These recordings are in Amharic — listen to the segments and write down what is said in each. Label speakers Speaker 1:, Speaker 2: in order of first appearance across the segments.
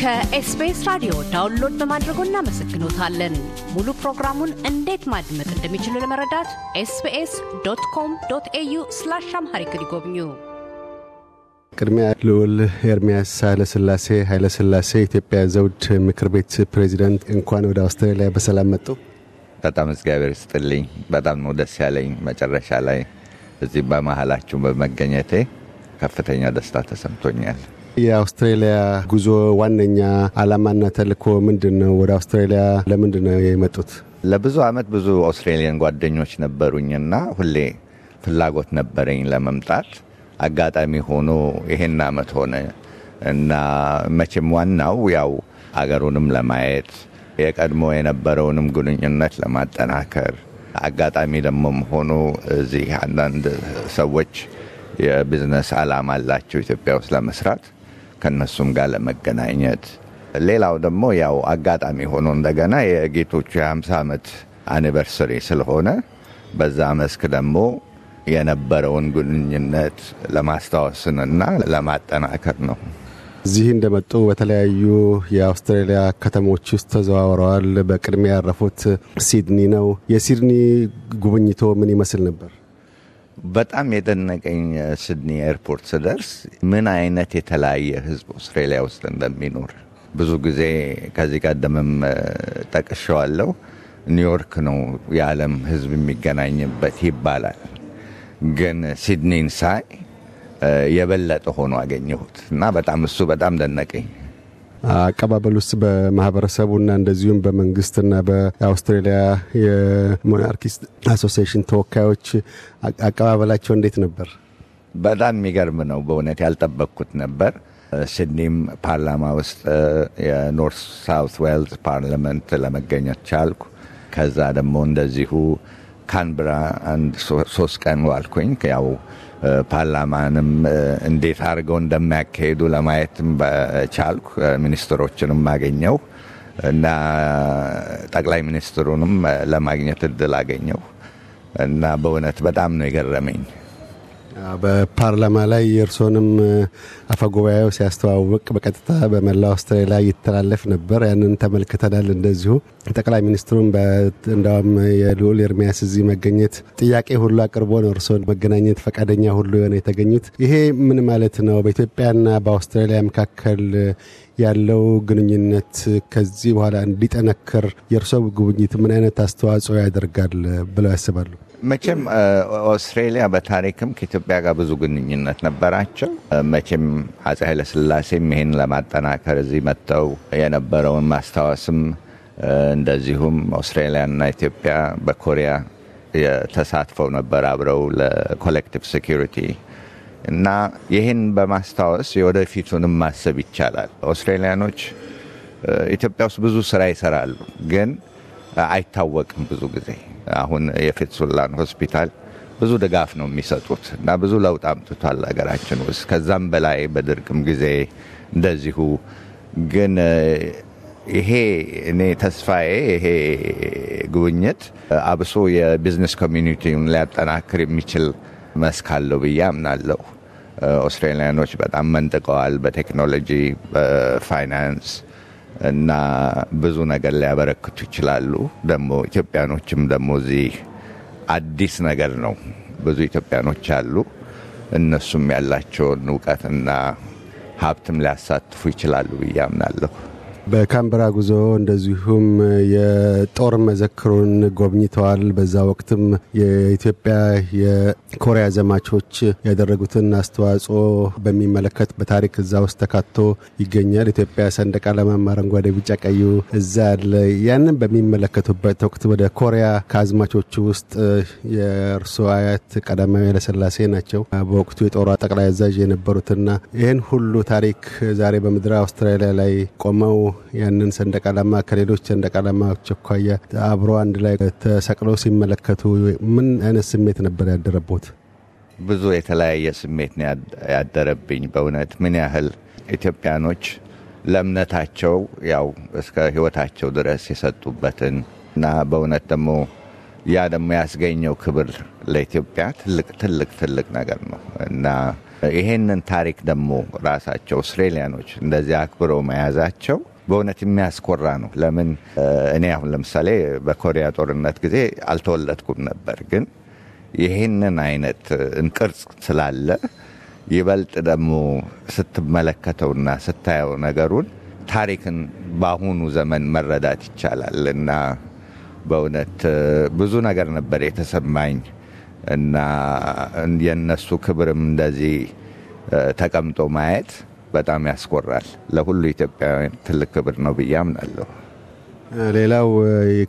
Speaker 1: ከኤስቢኤስ ራዲዮ ዳውንሎድ በማድረጎ እናመሰግኖታለን። ሙሉ ፕሮግራሙን እንዴት ማድመጥ እንደሚችሉ ለመረዳት ኤስቢኤስ ዶት ኮም ዶት ኤዩ ስላሽ አምሃሪክ ይጎብኙ። ቅድሚያ ልዑል ኤርሚያስ ኃይለስላሴ ኃይለስላሴ ኢትዮጵያ ዘውድ ምክር ቤት ፕሬዚደንት፣ እንኳን ወደ አውስትራሊያ በሰላም መጡ።
Speaker 2: በጣም እግዚአብሔር ስጥልኝ። በጣም ነው ደስ ያለኝ መጨረሻ ላይ እዚህ በመሀላችሁ በመገኘቴ ከፍተኛ ደስታ ተሰምቶኛል።
Speaker 1: የአውስትሬሊያ ጉዞ ዋነኛ አላማና ተልእኮ ምንድን ነው? ወደ አውስትሬሊያ ለምንድን ነው የመጡት?
Speaker 2: ለብዙ ዓመት ብዙ አውስትሬሊያን ጓደኞች ነበሩኝና ሁሌ ፍላጎት ነበረኝ ለመምጣት። አጋጣሚ ሆኖ ይሄን አመት ሆነ እና መቼም ዋናው ያው አገሩንም ለማየት የቀድሞ የነበረውንም ግንኙነት ለማጠናከር አጋጣሚ ደግሞ ሆኖ እዚህ አንዳንድ ሰዎች የቢዝነስ አላማ አላቸው ኢትዮጵያ ውስጥ ለመስራት ከነሱም ጋር ለመገናኘት ሌላው ደግሞ ያው አጋጣሚ ሆኖ እንደገና የጌቶቹ የ50 ዓመት አኒቨርሰሪ ስለሆነ በዛ መስክ ደግሞ የነበረውን ግንኙነት ለማስታወስንና ለማጠናከር ነው።
Speaker 1: እዚህ እንደመጡ በተለያዩ የአውስትራሊያ ከተሞች ውስጥ ተዘዋውረዋል። በቅድሚያ ያረፉት ሲድኒ ነው። የሲድኒ ጉብኝቶ ምን ይመስል ነበር?
Speaker 2: በጣም የደነቀኝ ስድኒ ኤርፖርት ስደርስ ምን አይነት የተለያየ ህዝብ አውስትራሊያ ውስጥ እንደሚኖር ብዙ ጊዜ ከዚህ ቀደምም ጠቅሸዋለው ኒውዮርክ ነው የዓለም ህዝብ የሚገናኝበት ይባላል። ግን ሲድኒን ሳይ የበለጠ ሆኖ አገኘሁት እና በጣም እሱ በጣም ደነቀኝ።
Speaker 1: አቀባበሉስ በማህበረሰቡና እንደዚሁም በመንግስትና በአውስትራሊያ የሞናርኪስት አሶሲሽን ተወካዮች አቀባበላቸው እንዴት ነበር?
Speaker 2: በጣም የሚገርም ነው። በእውነት ያልጠበቅኩት ነበር። ሲድኒም ፓርላማ ውስጥ የኖርት ሳውት ዌልስ ፓርላመንት ለመገኘት ቻልኩ። ከዛ ደግሞ እንደዚሁ ካንብራ አንድ ሶስት ቀን ዋልኩኝ። ያው ፓርላማንም እንዴት አድርገው እንደሚያካሄዱ ለማየትም ቻልኩ። ሚኒስትሮችንም አገኘው እና ጠቅላይ ሚኒስትሩንም ለማግኘት እድል አገኘው እና በእውነት በጣም ነው
Speaker 1: የገረመኝ። በፓርላማ ላይ የእርስንም አፈጉባኤው ሲያስተዋውቅ በቀጥታ በመላ አውስትራሊያ ይተላለፍ ነበር። ያንን ተመልክተናል። እንደዚሁ ጠቅላይ ሚኒስትሩም እንዳውም የልዑል ኤርሚያስ እዚህ መገኘት ጥያቄ ሁሉ አቅርቦ ነው እርሶን መገናኘት ፈቃደኛ ሁሉ የሆነ የተገኙት። ይሄ ምን ማለት ነው? በኢትዮጵያና በአውስትራሊያ መካከል ያለው ግንኙነት ከዚህ በኋላ እንዲጠነክር የእርሶ ጉብኝት ምን አይነት አስተዋጽኦ ያደርጋል ብለው ያስባሉ?
Speaker 2: መቼም ኦስትሬሊያ በታሪክም ከኢትዮጵያ ጋር ብዙ ግንኙነት ነበራቸው። መቼም አጼ ኃይለስላሴም ይህን ለማጠናከር እዚህ መጥተው የነበረውን ማስታወስም እንደዚሁም ኦስትሬሊያና ኢትዮጵያ በኮሪያ የተሳትፈው ነበር አብረው ለኮሌክቲቭ ሴኪሪቲ እና ይህን በማስታወስ የወደፊቱንም ማሰብ ይቻላል። ኦስትሬሊያኖች ኢትዮጵያ ውስጥ ብዙ ስራ ይሰራሉ ግን አይታወቅም። ብዙ ጊዜ አሁን የፌትሱላን ሆስፒታል ብዙ ድጋፍ ነው የሚሰጡት እና ብዙ ለውጥ አምጥቷል ሀገራችን ውስጥ ከዛም በላይ በድርቅም ጊዜ እንደዚሁ ግን ይሄ እኔ ተስፋዬ ይሄ ጉብኝት አብሶ የቢዝነስ ኮሚኒቲውን ሊያጠናክር የሚችል መስክ አለው ብዬ አምናለሁ። ኦስትሬሊያኖች በጣም መንጥቀዋል። በቴክኖሎጂ፣ በፋይናንስ እና ብዙ ነገር ሊያበረክቱ ይችላሉ። ደግሞ ኢትዮጵያኖችም ደግሞ እዚህ አዲስ ነገር ነው። ብዙ ኢትዮጵያኖች አሉ። እነሱም ያላቸውን እውቀትና ሀብትም ሊያሳትፉ ይችላሉ ብዬ አምናለሁ።
Speaker 1: በካምብራ ጉዞ እንደዚሁም የጦር መዘክሩን ጎብኝተዋል። በዛ ወቅትም የኢትዮጵያ የኮሪያ ዘማቾች ያደረጉትን አስተዋጽኦ በሚመለከት በታሪክ እዛ ውስጥ ተካቶ ይገኛል። ኢትዮጵያ ሰንደቅ ዓላማም አረንጓዴ፣ ቢጫ፣ ቀዩ እዛ አለ። ያንን በሚመለከቱበት ወቅት ወደ ኮሪያ ከአዝማቾቹ ውስጥ የእርሶ አያት ቀዳማዊ ኃይለሥላሴ ናቸው። በወቅቱ የጦር ጠቅላይ አዛዥ የነበሩትና ይህን ሁሉ ታሪክ ዛሬ በምድር አውስትራሊያ ላይ ቆመው ያንን ሰንደቅ ዓላማ ከሌሎች ሰንደቅ ዓላማዎች አኳያ አብሮ አንድ ላይ ተሰቅለው ሲመለከቱ ምን አይነት ስሜት ነበር ያደረቦት?
Speaker 2: ብዙ የተለያየ ስሜት ነው ያደረብኝ። በእውነት ምን ያህል ኢትዮጵያኖች ለእምነታቸው ያው እስከ ሕይወታቸው ድረስ የሰጡበትን እና በእውነት ደግሞ ያ ደግሞ ያስገኘው ክብር ለኢትዮጵያ ትልቅ ትልቅ ትልቅ ነገር ነው እና ይሄንን ታሪክ ደግሞ ራሳቸው አውስትሬሊያኖች እንደዚህ አክብረው መያዛቸው በእውነት የሚያስኮራ ነው። ለምን እኔ አሁን ለምሳሌ በኮሪያ ጦርነት ጊዜ አልተወለድኩም ነበር፣ ግን ይህንን አይነት ቅርጽ ስላለ ይበልጥ ደግሞ ስትመለከተውና ስታየው ነገሩን ታሪክን በአሁኑ ዘመን መረዳት ይቻላል እና በእውነት ብዙ ነገር ነበር የተሰማኝ እና የነሱ ክብርም እንደዚህ ተቀምጦ ማየት በጣም ያስኮራል። ለሁሉ ኢትዮጵያውያን ትልቅ ክብር ነው ብዬ አምናለሁ።
Speaker 1: ሌላው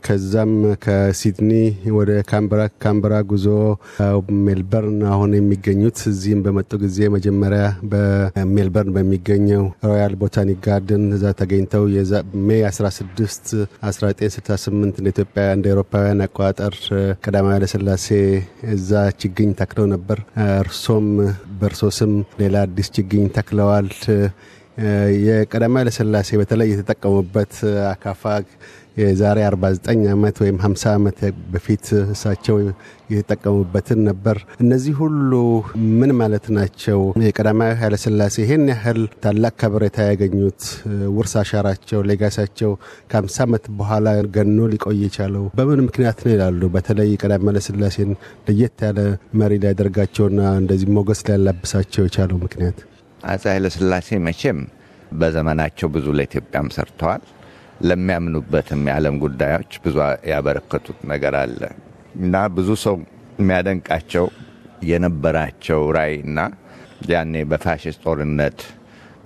Speaker 1: ከዛም ከሲድኒ ወደ ካምበራ ካምበራ ጉዞ ሜልበርን አሁን የሚገኙት እዚህም በመጡ ጊዜ መጀመሪያ በሜልበርን በሚገኘው ሮያል ቦታኒክ ጋርደን እዛ ተገኝተው ሜ 16 1968 እንደ ኢትዮጵያ እንደ ኤሮፓውያን አቆጣጠር ቀዳማዊ ለስላሴ እዛ ችግኝ ተክለው ነበር። እርሶም በእርሶ ስም ሌላ አዲስ ችግኝ ተክለዋል። የቀዳማዊ ለስላሴ በተለይ የተጠቀሙበት አካፋ የዛሬ 49 ዓመት ወይም 50 ዓመት በፊት እሳቸው የተጠቀሙበትን ነበር። እነዚህ ሁሉ ምን ማለት ናቸው? የቀዳማዊ ኃይለስላሴ ይህን ያህል ታላቅ ከበሬታ ያገኙት ውርስ አሻራቸው፣ ሌጋሳቸው ከ50 ዓመት በኋላ ገኖ ሊቆይ የቻለው በምን ምክንያት ነው ይላሉ። በተለይ ቀዳማዊ ኃይለሥላሴን ለየት ያለ መሪ ሊያደርጋቸውና እንደዚህ ሞገስ ሊያላብሳቸው የቻለው ምክንያት
Speaker 2: አፄ ኃይለስላሴ መቼም በዘመናቸው ብዙ ለኢትዮጵያም ሰርተዋል። ለሚያምኑበትም የዓለም ጉዳዮች ብዙ ያበረከቱት ነገር አለ እና ብዙ ሰው የሚያደንቃቸው የነበራቸው እና ያኔ በፋሽስት ጦርነት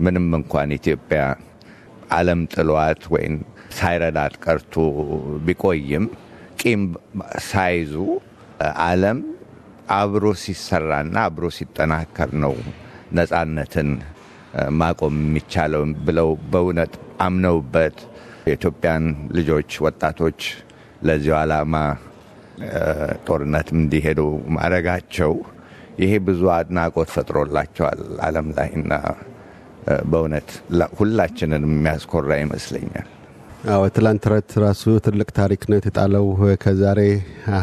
Speaker 2: ምንም እንኳን ኢትዮጵያ ዓለም ጥሏት ወይም ሳይረዳት ቀርቶ ቢቆይም ቂም ሳይዙ ዓለም አብሮ ሲሰራና አብሮ ሲጠናከር ነው ነፃነትን ማቆም የሚቻለው ብለው በእውነት አምነውበት የኢትዮጵያን ልጆች፣ ወጣቶች ለዚሁ ዓላማ ጦርነት እንዲሄዱ ማድረጋቸው ይሄ ብዙ አድናቆት ፈጥሮላቸዋል ዓለም ላይ እና በእውነት ሁላችንን የሚያስኮራ ይመስለኛል።
Speaker 1: አዎ ትላንት ረት ራሱ ትልቅ ታሪክ ነው የተጣለው። ከዛሬ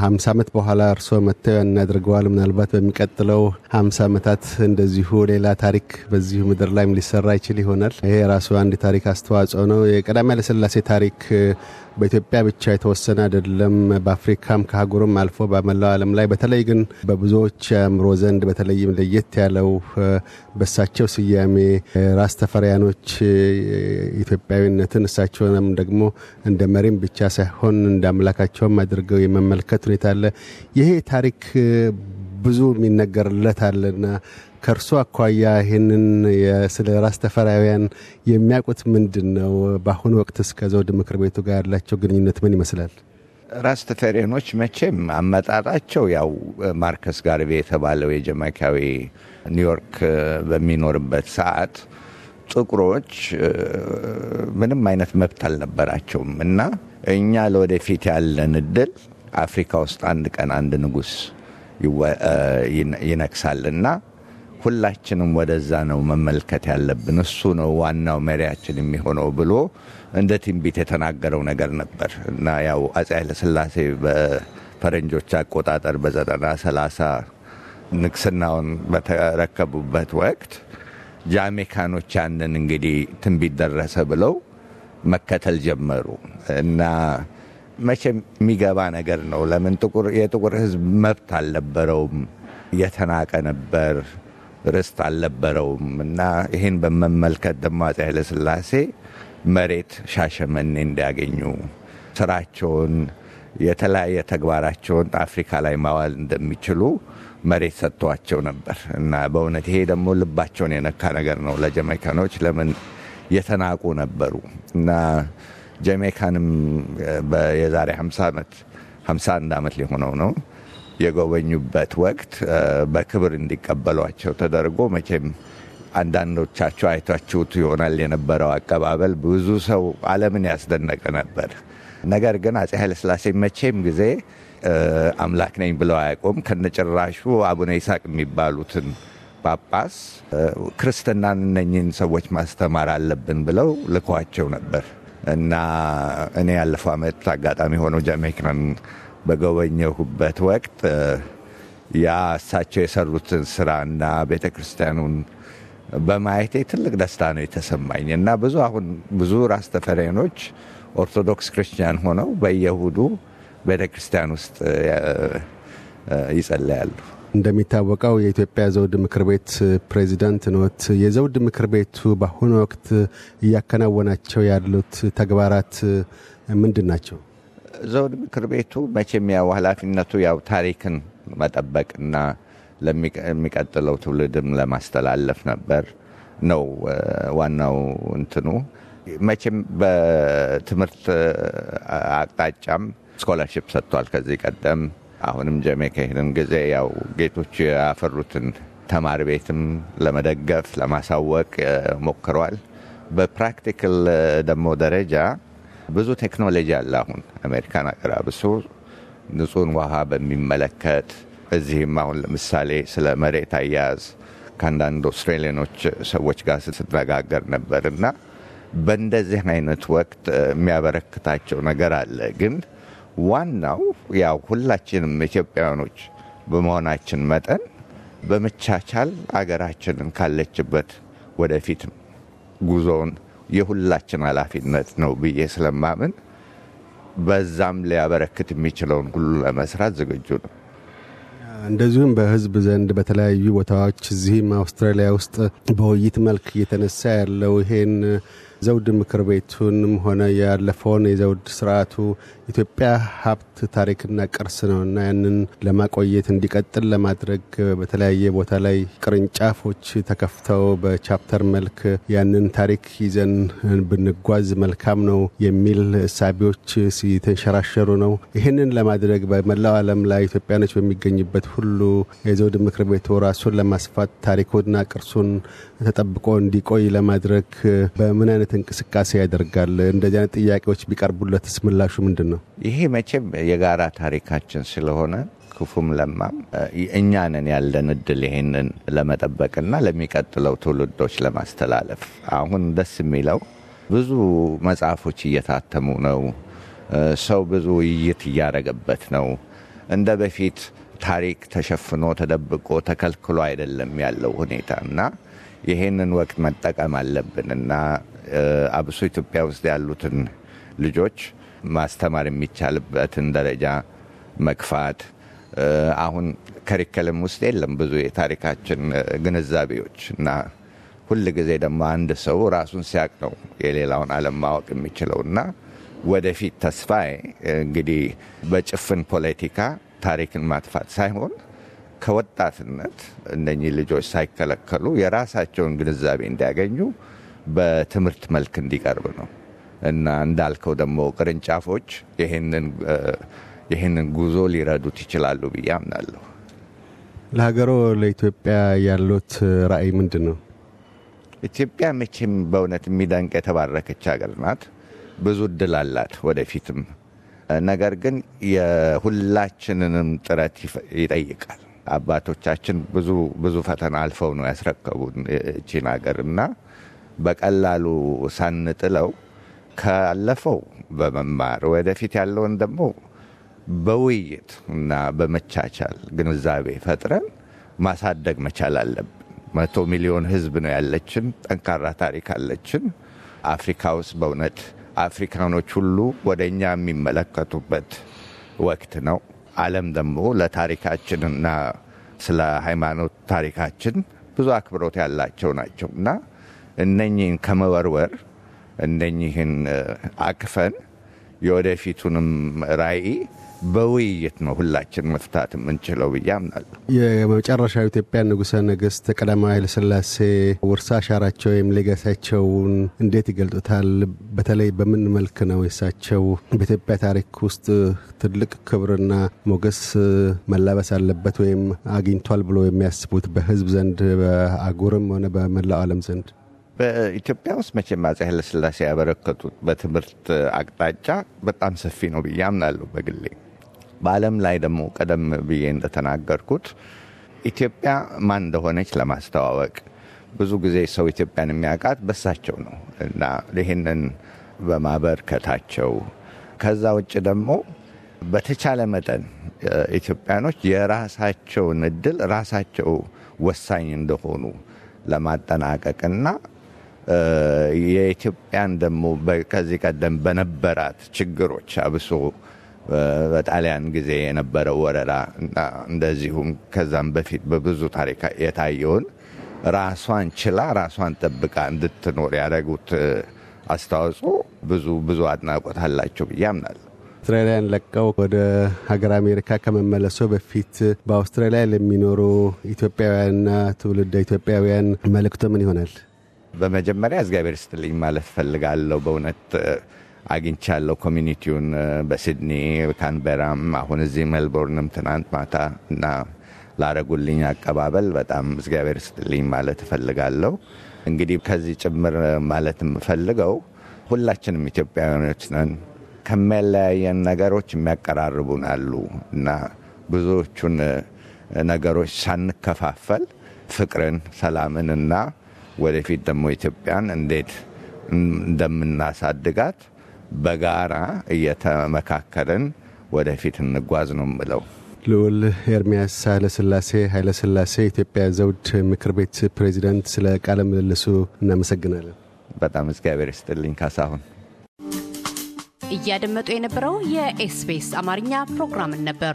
Speaker 1: ሀምሳ ዓመት በኋላ እርስ መጥተው ያናድርገዋል። ምናልባት በሚቀጥለው ሀምሳ ዓመታት እንደዚሁ ሌላ ታሪክ በዚሁ ምድር ላይም ሊሰራ ይችል ይሆናል። ይሄ ራሱ አንድ ታሪክ አስተዋጽኦ ነው። የቀዳሚ ያለስላሴ ታሪክ በኢትዮጵያ ብቻ የተወሰነ አይደለም። በአፍሪካም ከአህጉርም አልፎ በመላው ዓለም ላይ በተለይ ግን በብዙዎች አእምሮ ዘንድ በተለይም ለየት ያለው በእሳቸው ስያሜ ራስ ተፈሪያኖች ኢትዮጵያዊነትን እሳቸውንም ደግሞ እንደ መሪም ብቻ ሳይሆን እንደ አምላካቸውም አድርገው የመመልከት ሁኔታ አለ። ይሄ ታሪክ ብዙ አለና ከእርሱ አኳያ ይህንን ስለ ራስ ተፈራውያን የሚያውቁት ምንድን ነው? በአሁኑ ወቅት እስከ ዘውድ ምክር ቤቱ ጋር ያላቸው ግንኙነት ምን ይመስላል?
Speaker 2: ራስ ተፈሬኖች መቼም አመጣጣቸው ያው ማርከስ ጋርቤ የተባለው የጀማይካዊ ኒውዮርክ በሚኖርበት ሰዓት ጥቁሮች ምንም አይነት መብት አልነበራቸውም እና እኛ ለወደፊት ያለን እድል አፍሪካ ውስጥ አንድ ቀን አንድ ንጉስ ይነግሳልና ሁላችንም ወደዛ ነው መመልከት ያለብን። እሱ ነው ዋናው መሪያችን የሚሆነው ብሎ እንደ ትንቢት የተናገረው ነገር ነበር እና ያው አፄ ኃይለሥላሴ በፈረንጆች አቆጣጠር በዘጠና ሰላሳ ንግስናውን በተረከቡበት ወቅት ጃሜካኖች ያንን እንግዲህ ትንቢት ደረሰ ብለው መከተል ጀመሩ እና መቼም የሚገባ ነገር ነው። ለምን የጥቁር ህዝብ መብት አልነበረውም፣ የተናቀ ነበር፣ ርስት አልነበረውም እና ይህን በመመልከት ደግሞ አፄ ኃይለስላሴ መሬት ሻሸመኔ እንዲያገኙ ስራቸውን፣ የተለያየ ተግባራቸውን አፍሪካ ላይ ማዋል እንደሚችሉ መሬት ሰጥተዋቸው ነበር እና በእውነት ይሄ ደግሞ ልባቸውን የነካ ነገር ነው ለጀመይካኖች። ለምን የተናቁ ነበሩ እና ጀሜካንም የዛሬ 50 ዓመት 51 ዓመት ሊሆነው ነው የጎበኙበት ወቅት በክብር እንዲቀበሏቸው ተደርጎ መቼም አንዳንዶቻቸው አይታችሁት ይሆናል የነበረው አቀባበል ብዙ ሰው አለምን ያስደነቀ ነበር። ነገር ግን አጼ ኃይለስላሴ መቼም ጊዜ አምላክ ነኝ ብለው አያውቁም። ከነጭራሹ አቡነ ይስቅ የሚባሉትን ጳጳስ ክርስትናን እነኝን ሰዎች ማስተማር አለብን ብለው ልኳቸው ነበር። እና እኔ ያለፈው ዓመት አጋጣሚ ሆኖ ጃሜይካን በጎበኘሁበት ወቅት ያ እሳቸው የሰሩትን ስራ እና ቤተ ክርስቲያኑን በማየቴ ትልቅ ደስታ ነው የተሰማኝ እና ብዙ አሁን ብዙ ራስ ተፈሬኖች ኦርቶዶክስ ክርስቲያን ሆነው በየሁዱ ቤተ ክርስቲያን ውስጥ ይጸለያሉ።
Speaker 1: እንደሚታወቀው የኢትዮጵያ ዘውድ ምክር ቤት ፕሬዚዳንት ኖት። የዘውድ ምክር ቤቱ በአሁኑ ወቅት እያከናወናቸው ያሉት ተግባራት ምንድን ናቸው?
Speaker 2: ዘውድ ምክር ቤቱ መቼም ያው ኃላፊነቱ ያው ታሪክን መጠበቅና ለሚቀጥለው ትውልድም ለማስተላለፍ ነበር ነው ዋናው እንትኑ። መቼም በትምህርት አቅጣጫም ስኮላርሽፕ ሰጥቷል ከዚህ ቀደም አሁንም ጀሜካ ሄድን ጊዜ ያው ጌቶች ያፈሩትን ተማሪ ቤትም ለመደገፍ ለማሳወቅ ሞክረዋል። በፕራክቲካል ደግሞ ደረጃ ብዙ ቴክኖሎጂ አለ አሁን አሜሪካን አገር ንጹህን ውሃ በሚመለከት እዚህም አሁን ለምሳሌ ስለ መሬት አያያዝ ከአንዳንድ ኦስትሬሊያኖች ሰዎች ጋር ስትነጋገር ነበር እና በእንደዚህ አይነት ወቅት የሚያበረክታቸው ነገር አለ ግን ዋናው ያው ሁላችንም ኢትዮጵያውያኖች በመሆናችን መጠን በመቻቻል አገራችንን ካለችበት ወደፊት ጉዞውን የሁላችን ኃላፊነት ነው ብዬ ስለማምን በዛም ሊያበረክት የሚችለውን ሁሉ ለመስራት ዝግጁ ነው።
Speaker 1: እንደዚሁም በህዝብ ዘንድ በተለያዩ ቦታዎች እዚህም አውስትራሊያ ውስጥ በውይይት መልክ እየተነሳ ያለው ይሄን ዘውድ ምክር ቤቱንም ሆነ ያለፈውን የዘውድ ስርዓቱ ኢትዮጵያ ሀብት ታሪክና ቅርስ እና ያንን ለማቆየት እንዲቀጥል ለማድረግ በተለያየ ቦታ ላይ ቅርንጫፎች ተከፍተው በቻፕተር መልክ ያንን ታሪክ ይዘን ብንጓዝ መልካም ነው የሚል ሳቢዎች ሲተንሸራሸሩ ነው። ይህንን ለማድረግ በመላው ዓለም ላይ ኢትዮጵያኖች በሚገኝበት ሁሉ የዘውድ ምክር ቤቱ ራሱን ለማስፋት ታሪኩና ቅርሱን ተጠብቆ እንዲቆይ ለማድረግ በምን አይነት እንቅስቃሴ ያደርጋል? እንደዚህ አይነት ጥያቄዎች ቢቀርቡለትስ ምላሹ ምንድን ነው?
Speaker 2: ይሄ መቼም የጋራ ታሪካችን ስለሆነ ክፉም ለማም እኛንን ያለን እድል ይሄንን ለመጠበቅና ለሚቀጥለው ትውልዶች ለማስተላለፍ። አሁን ደስ የሚለው ብዙ መጽሐፎች እየታተሙ ነው። ሰው ብዙ ውይይት እያደረገበት ነው። እንደ በፊት ታሪክ ተሸፍኖ ተደብቆ ተከልክሎ አይደለም ያለው ሁኔታ እና ይሄንን ወቅት መጠቀም አለብን እና አብሶ ኢትዮጵያ ውስጥ ያሉትን ልጆች ማስተማር የሚቻልበትን ደረጃ መግፋት አሁን ከሪከልም ውስጥ የለም ብዙ የታሪካችን ግንዛቤዎች እና ሁል ጊዜ ደግሞ አንድ ሰው ራሱን ሲያቅ ነው የሌላውን ዓለም ማወቅ የሚችለው እና ወደፊት ተስፋዬ እንግዲህ በጭፍን ፖለቲካ ታሪክን ማጥፋት ሳይሆን ከወጣትነት እነኚህ ልጆች ሳይከለከሉ የራሳቸውን ግንዛቤ እንዲያገኙ በትምህርት መልክ እንዲቀርብ ነው እና እንዳልከው ደግሞ ቅርንጫፎች ይህንን ጉዞ ሊረዱት ይችላሉ ብዬ አምናለሁ።
Speaker 1: ለሀገሮ ለኢትዮጵያ ያሉት ራዕይ ምንድን ነው? ኢትዮጵያ
Speaker 2: መቼም በእውነት የሚደንቅ የተባረከች ሀገር ናት። ብዙ እድል አላት ወደፊትም። ነገር ግን የሁላችንንም ጥረት ይጠይቃል። አባቶቻችን ብዙ ብዙ ፈተና አልፈው ነው ያስረከቡን እቺን ሀገር እና በቀላሉ ሳንጥለው ካለፈው በመማር ወደፊት ያለውን ደግሞ በውይይት እና በመቻቻል ግንዛቤ ፈጥረን ማሳደግ መቻል አለብን። መቶ ሚሊዮን ህዝብ ነው ያለችን። ጠንካራ ታሪክ አለችን። አፍሪካ ውስጥ በእውነት አፍሪካኖች ሁሉ ወደ እኛ የሚመለከቱበት ወቅት ነው። ዓለም ደግሞ ለታሪካችንና ስለ ሃይማኖት ታሪካችን ብዙ አክብሮት ያላቸው ናቸው እና እነኚህን ከመወርወር እነኚህን አቅፈን የወደፊቱንም ራዕይ በውይይት ነው ሁላችን መፍታት የምንችለው ብዬ አምናለሁ።
Speaker 1: የመጨረሻው ኢትዮጵያ ንጉሠ ነገሥት ቀዳማዊ ስላሴ ውርሳ አሻራቸው ወይም ሌጋሳቸውን እንዴት ይገልጡታል? በተለይ በምን መልክ ነው የሳቸው በኢትዮጵያ ታሪክ ውስጥ ትልቅ ክብርና ሞገስ መላበስ አለበት ወይም አግኝቷል ብሎ የሚያስቡት በህዝብ ዘንድ በአጉርም ሆነ በመላው ዓለም ዘንድ
Speaker 2: በኢትዮጵያ ውስጥ መቼም አፄ ለስላሴ ያበረከቱት በትምህርት አቅጣጫ በጣም ሰፊ ነው ብዬ አምናለሁ በግሌ። በዓለም ላይ ደግሞ ቀደም ብዬ እንደተናገርኩት ኢትዮጵያ ማን እንደሆነች ለማስተዋወቅ ብዙ ጊዜ ሰው ኢትዮጵያን የሚያውቃት በሳቸው ነው እና ይህንን በማበርከታቸው ከዛ ውጭ ደግሞ በተቻለ መጠን ኢትዮጵያኖች የራሳቸውን እድል ራሳቸው ወሳኝ እንደሆኑ ለማጠናቀቅና የኢትዮጵያን ደግሞ ከዚህ ቀደም በነበራት ችግሮች አብሶ በጣሊያን ጊዜ የነበረ ወረራ እና እንደዚሁም ከዛም በፊት በብዙ ታሪክ የታየውን ራሷን ችላ ራሷን ጠብቃ እንድትኖር ያደረጉት አስተዋጽኦ ብዙ ብዙ አድናቆት አላቸው ብዬ አምናለሁ።
Speaker 1: አውስትራሊያን ለቀው ወደ ሀገር አሜሪካ ከመመለሶ በፊት በአውስትራሊያ ለሚኖሩ ኢትዮጵያውያንና ትውልድ ኢትዮጵያውያን መልእክቶ ምን ይሆናል?
Speaker 2: በመጀመሪያ እግዚአብሔር ስትልኝ ማለት ፈልጋለሁ። በእውነት አግኝቻለሁ ኮሚኒቲውን በሲድኒ ካንበራም አሁን እዚህ ሜልቦርንም ትናንት ማታ እና ላረጉልኝ አቀባበል በጣም እግዚአብሔር ስትልኝ ማለት እፈልጋለሁ። እንግዲህ ከዚህ ጭምር ማለት የምፈልገው ሁላችንም ኢትዮጵያውያኖች ነን። ከሚያለያየን ነገሮች የሚያቀራርቡን አሉ እና ብዙዎቹን ነገሮች ሳንከፋፈል ፍቅርን፣ ሰላምን እና ወደፊት ደግሞ ኢትዮጵያን እንዴት እንደምናሳድጋት በጋራ እየተመካከልን ወደፊት እንጓዝ ነው ምለው።
Speaker 1: ልዑል ኤርሚያስ ኃይለስላሴ ኃይለስላሴ የኢትዮጵያ ዘውድ ምክር ቤት ፕሬዚደንት፣ ስለ ቃለ ምልልሱ እናመሰግናለን።
Speaker 2: በጣም እግዚአብሔር ይስጥልኝ ካሳሁን።
Speaker 1: እያደመጡ የነበረው የኤስቢኤስ አማርኛ ፕሮግራምን ነበር።